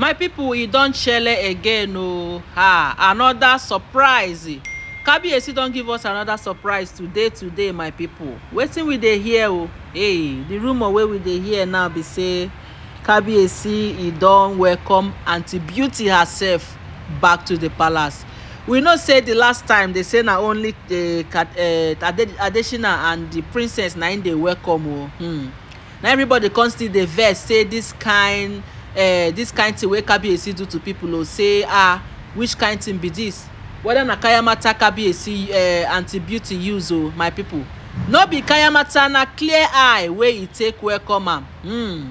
my people e don shele again oh ah another surprise kabiyesi don give us another surprise today today my people wetin we dey hear oh hey the rumor wey we dey hear now be say kabiyesi e don welcome aunty beauty herself back to the palace we know say the last time they say na only the uh, uh, adesina and the princess na im dey welcome o oh. hmm. na everybody come still dey vex say this kind uh, this kind thing wey kabiyesi do to people o say ah which kind thing be this whether na kayamata kabiyesi uh, aunty beauty use o my people no be kayamata na clear eye wey e take welcome am hmm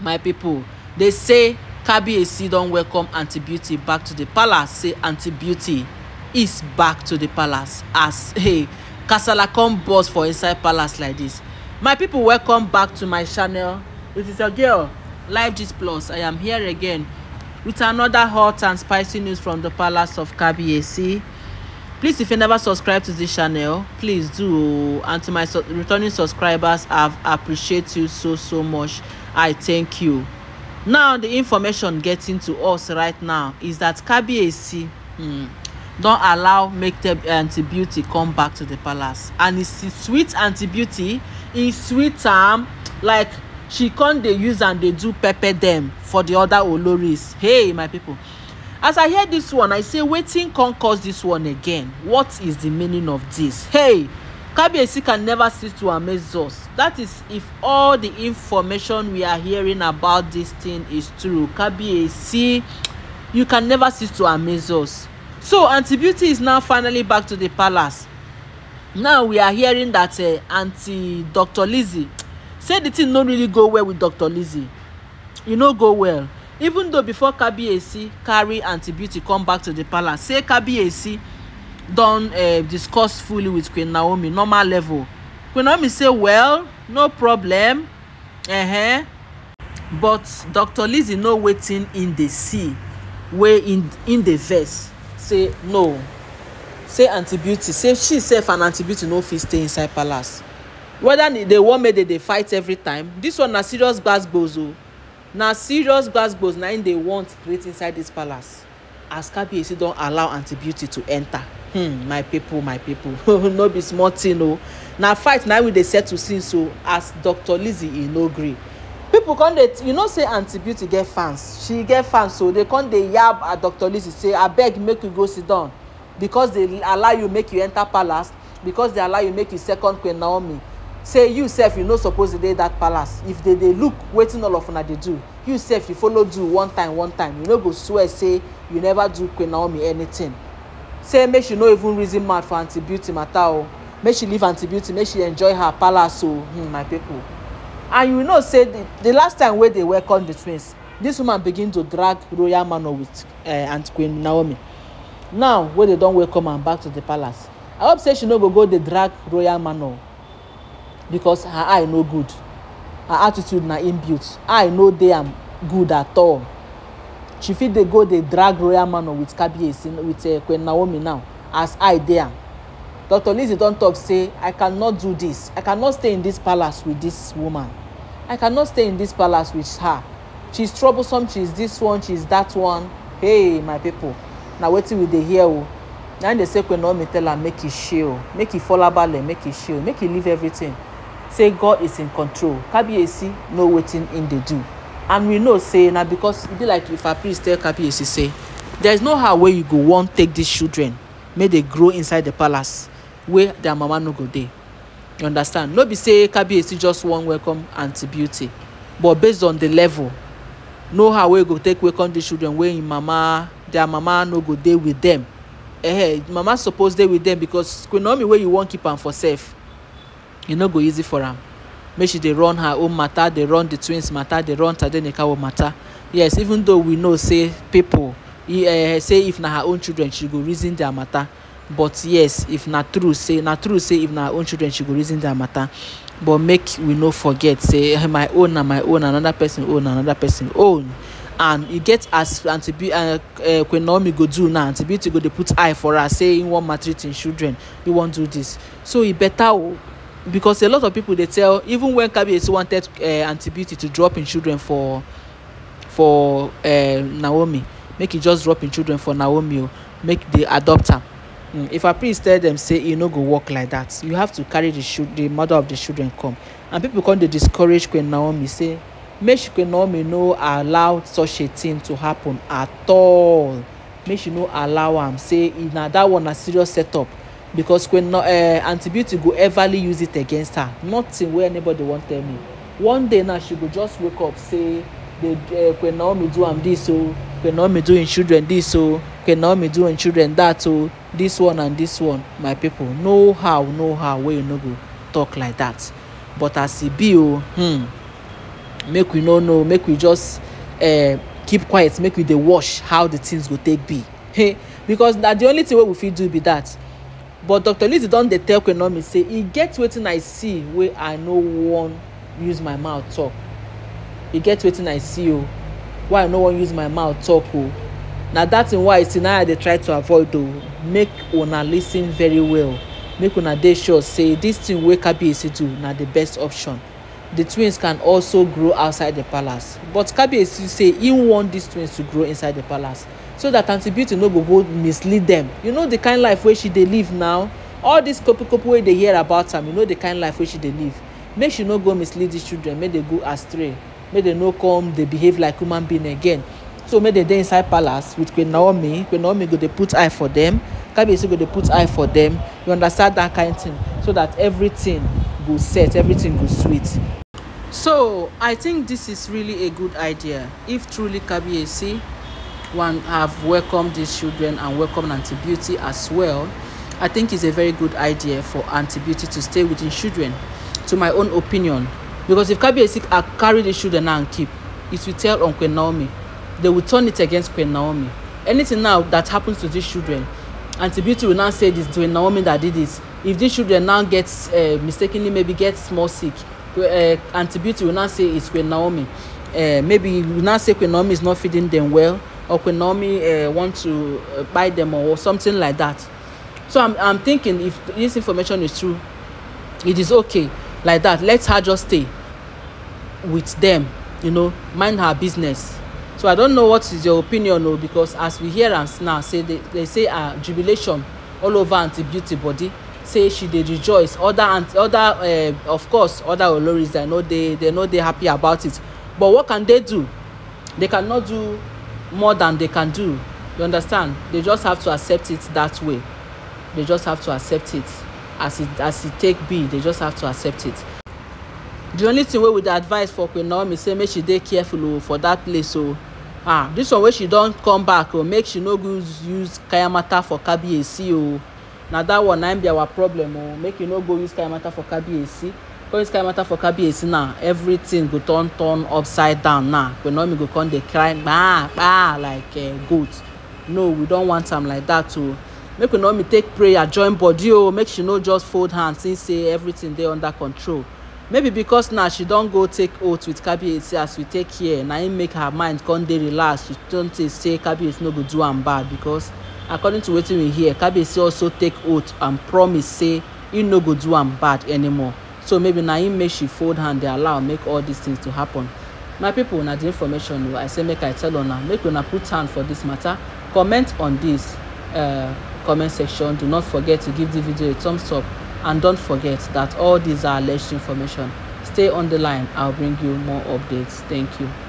my people dey say kabiyesi don welcome aunty beauty back to the palace say aunty beauty is back to the palace as hey kasala come burst for inside palace like this my people welcome back to my channel it is your girl live gist plus i am here again with another hot and spicy news from the palace of kabiyesi please if you never subscribe to this channel please do oh. and to my su returning subscribers i appreciate you so so much i thank you now the information getting to us right now is that kabiyesi hmm, don allow make the aunty beauty come back to the palace and it's sweet aunty beauty e sweet am um, like she come dey use am dey do pepper dem for the other oloris hey my people as i hear this one i say wetin come cause this one again what is the meaning of this hey kabiyesi can never cease to amaze us that is if all the information we are hearing about this thing is true kabiyesi you can never cease to amaze us so aunty beauty is now finally back to the palace now we are hearing that uh, aunty dr lizzie say the thing no really go well with dr lizzie e no go well even though before kabiyesi carry aunty beauty come back to the palace say kabiyesi don uh, discuss fully with queen naomi normal level queen naomi say well no problem uh -huh. but dr lizzie know wetin im dey see wey im dey vex say no say aunty beauty say she sef and aunty beauty no fit stay inside palace whether they wan make they dey fight every time this one na serious gbasgbos o na serious gbasgbos na im dey want create inside this palace as kabiyesi don allow aunty beauty to enter hmm my people my people no be small thing o na fight na we dey settle since o as dr lizzie e no gree people come dey you know say aunty beauty get fans she get fans so they come dey yab at dr lizzie say abeg make you go sit down because they allow you make you enter palace because they allow you make you second queen naomi say you sef you no suppose dey dat palace if dey dey look wetin all of una dey do you sef you follow do one time one time you no go swear say you never do queen naomi anything say make she no even reason mad for aunty beauty matter o oh. make she leave aunty beauty make she enjoy her palace o oh. hmm, my people and you know say the, the last time wey they welcome the twins this woman begin to drag royal manor with uh, aunt queen naomi now wey they don welcome am back to the palace i hope say she no go go dey drag royal manor because her eye no good her attitude na inbuilt eye no dey am good at all she fit dey go dey drag royal manor with kabiyesi with uh, queen naomi now as eye dey am dr lizzie don talk say i cannot do this i cannot stay in this palace with this woman i cannot stay in this palace with her She is troublesome She is this one She is that one hey my people na wetin we dey hear o oh. na im dey say queen naomi tell am make e shey o make e fall abale make e shey o make e leave everything say god is in control kabiyesi know wetin im dey do and we know say na because e be like if our priest tell kabiyesi say there is no how wey you go wan take these children make they grow inside the palace wey their mama no go dey you understand no be say kabiyesi just wan welcome aunty beauty but based on the level no how wey go take welcome these children wey im mama their mama no go dey with them eh mama suppose dey with them because queen naomi wey you wan keep am for sef e no go easy for am make she dey run her own matter dey run the twins matter dey run tadenikawo matter yes even though we know say people e uh, say if na her own children she go reason their matter but yes if na true say na true say if na her own children she go reason their matter but make we no forget say eh, my own na my own another person own na another person own and e get as aunty be uh, uh, queen naomi go do now aunty beauty go dey put eye for her say e wan maltreat im children e wan do this so e better o because a lot of people dey tell even when kabiyesi wanted uh, aunty beauty to drop im children for for uh, naomi make e just drop im children for naomi o oh, make dey adopt am mm. if her priest tell dem say e no go work like that you have to carry the the mother of the children come and people come dey discourage queen naomi say make she queen naomi no allow such a thing to happen at all make she no allow am say na that one na serious setup because when queen uh, eh, aunty beauty go everly use it against her nothing wey anybody wan tell me one day now she go just wake up say the uh, eh, queen naomi do am this o queen naomi do im children this o queen naomi do im children that o this one and this one my people know how know how wey you no go talk like that but as e be o hmm, make we no know make we just uh, keep quiet make we dey watch how the things go take be hey because na the only thing wey we fit do be that but dr lizzie don dey tell kwenomi say e get wetin i see wey i no wan use my mouth talk e get wetin i see o oh, why i no wan use my mouth talk o oh. na dat thing why i see na i dey try to avoid o oh. make una lis ten very well make una dey sure say dis thing wey kabiyesi do na the best option the twins can also grow outside the palace but kabiyesi say im want dis twins to grow inside the palace so that aunty beauty no go go mislead them. you know the kind life wey she dey live now all this kopokopo wey dey hear about am you know the kind life wey she dey live make she no go mislead these children make they go astray make they no come dey behave like human being again so make they dey inside palace with queen naomi queen naomi go dey put eye for them kabiyesi go dey put eye for them you understand that kind thing so that everything go set everything go sweet. so i think this is really a good idea if truly kabiyesi one have welcomed these children and welcomed Auntie Beauty as well, I think it's a very good idea for Auntie Beauty to stay within children, to my own opinion. Because if Kabiyesi carry the children now and keep, it will tell Uncle Naomi. They will turn it against Queen Naomi. Anything now that happens to these children, Auntie Beauty will now say this to Naomi that did this. If these children now get uh, mistakenly maybe get small sick, uh, eh, Auntie Beauty will now say it's Queen Naomi. Uh, maybe will now say Queen Naomi is not feeding them well or Queen Naomi uh, want to uh, buy them or something like that. So I'm, I'm thinking if this information is true, it is okay like that. Let her just stay with them, you know, mind her business. So I don't know what is your opinion o oh, because as we hear am now say they, they say ah uh, jubilation all over Aunty Beauty body say she dey rejoice other and other uh, of course other oloris i know they they know they happy about it but what can they do they cannot do more than they can do you understand they just have to accept it that way they just have to accept it as it as it take be they just have to accept it the only thing wey we dey advise for queen naomi say make she dey careful o oh, for that place o oh. ah this one wey she don come back o oh, make she no go use kayamata for kabiyesi o na that one na be our problem o make you no go use kayamata for kabiyesi all this kind of matter for kabiyesi now everything go turn turn upside down now Naomi go come dey cry gbaa gbaa like uh, goat no we don want am like that o oh. make Naomi take prayer join body o oh. make she no just fold hand think say everything dey under control maybe because now she don go take oath with kabiyesi as we take here na im make her mind come dey relaxed she don think say kabiyesi no go do am bad because according to wetin we hear kabiyesi also take oath and promise say im e no go do am bad anymore so maybe na him make she fold hand dey allow make all these things to happen my people na the information o i say make i tell una make una put hand for this matter comment on this uh, comment section do not forget to give the video a thumbs up and don't forget that all these are alleged information stay on the line i'll bring you more updates thank you